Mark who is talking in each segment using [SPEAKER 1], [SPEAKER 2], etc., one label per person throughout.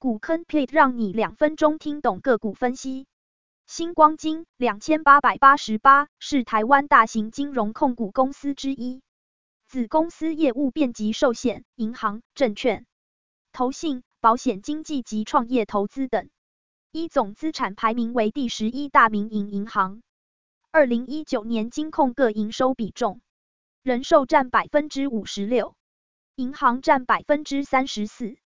[SPEAKER 1] 股坑派讓你兩分鐘聽懂個股分析。新光金兩千八百八十八是台灣大型金融控股公司之一，子公司業務遍及壽險、銀行、證券、投信、保險經紀及創業投資等，依總資產排名為第十一大民營銀行。二零一九年金控各營收比重，人壽占百分之五十六，銀行占百分之三十四。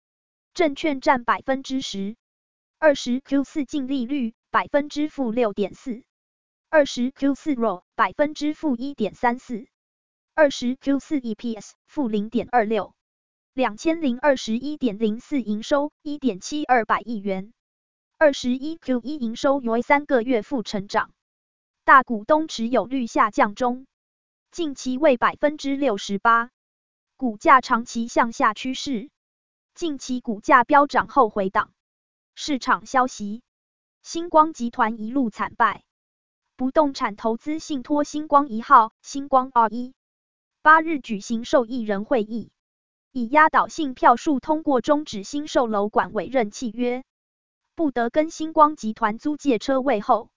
[SPEAKER 1] 證券占百分之十，二十 Q 四淨利率百分之負六點四，二十 Q 四 ROA 百分之負一點三四，二十 Q 四 EPS 負零點二六，兩千零二十一點零四營收一點七二百億元，二十一 Q 一營收有三個月負成長，大股東持有率下降中，近期為百分之六十八，股價長期向下趨勢。近期股價飆漲後回檔，市場消息，新光集團一路慘敗，不動產投資信託新光一號、新光 R1，八日舉行受益人會議，以壓倒性票數通過終止新售樓管委任契約，不得跟新光集團租借車位後，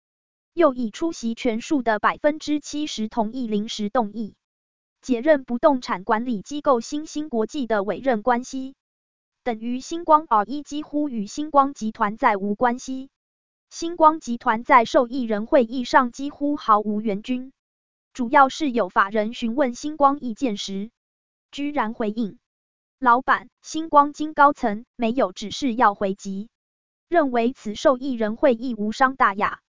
[SPEAKER 1] 又以出席權數的百分之七十同意臨時動議，解任不動產管理機構新興國際的委任關係。等於新光 R1 幾乎與新光集團再無關係，新光集團在受益人會議上幾乎毫無援軍，主要是有法人詢問新光意見時，居然回應，老板新光金高層沒有指示要回擊，認為此受益人會議無傷大雅，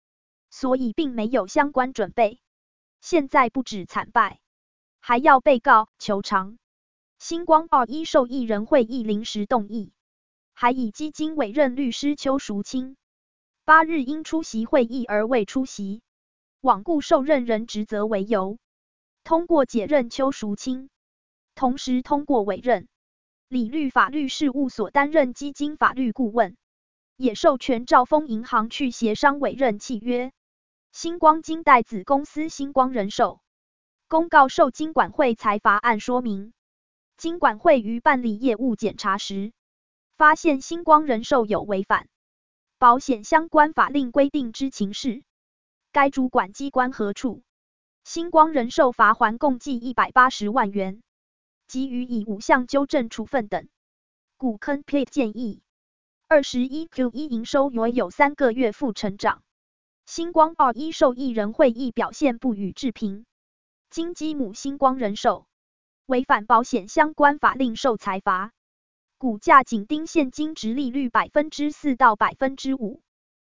[SPEAKER 1] 所以並沒有相關準備，現在不止慘敗，還要被告求償。新光二一受益人會議臨時動議，還以基金委任律師邱淑清，八日因出席會議而未出席，罔顧受任人職責為由，通過解任邱淑清，同時通過委任理律法律事務所擔任基金法律顧問，也授權兆豐銀行去協商委任契約。新光金貸子公司新光人壽公告受金管會裁罰案說明。金管會於辦理業務檢查時，發現新光人壽有違反保險相關法令規定之情事，該主管機關核處新光人壽罰鍰共計一百八十萬元，給予以五項糾正處分等。股坑個人建議：二十一 Q 一、e、營收 YoY，有三個月負成長，新光 R1 受益人會議表現不予置評。金雞母新光人壽。違反保險相關法令，受裁罰，股價緊盯現金殖利率百分之四到百分之五。